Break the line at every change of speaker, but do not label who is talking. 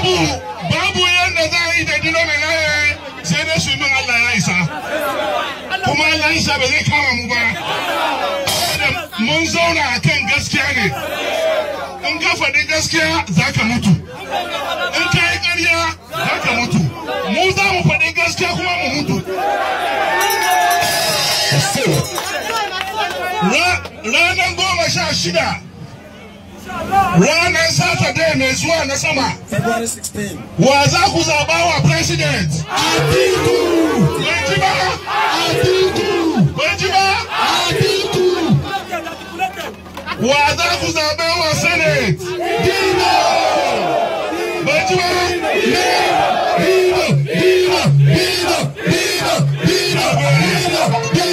babu babu yadda za a yi da dino mai laye sai dai su min Allah ya isa kuma Allah isa ba zai kama mu ba mun zauna a kan gaskiya ne in ka faɗi gaskiya za ka mutu in ka yi ƙarya za ka mutu mu za mu faɗi gaskiya kuma mu mutu ranar goma
sha shida Saturday mwezi wa anasema wazakuza ambao wa president Atiku Wajima
Atiku Wajima Atiku wazakuza ambao wa senate Dino Wajima Dino Dino Dino Dino Dino Dino Dino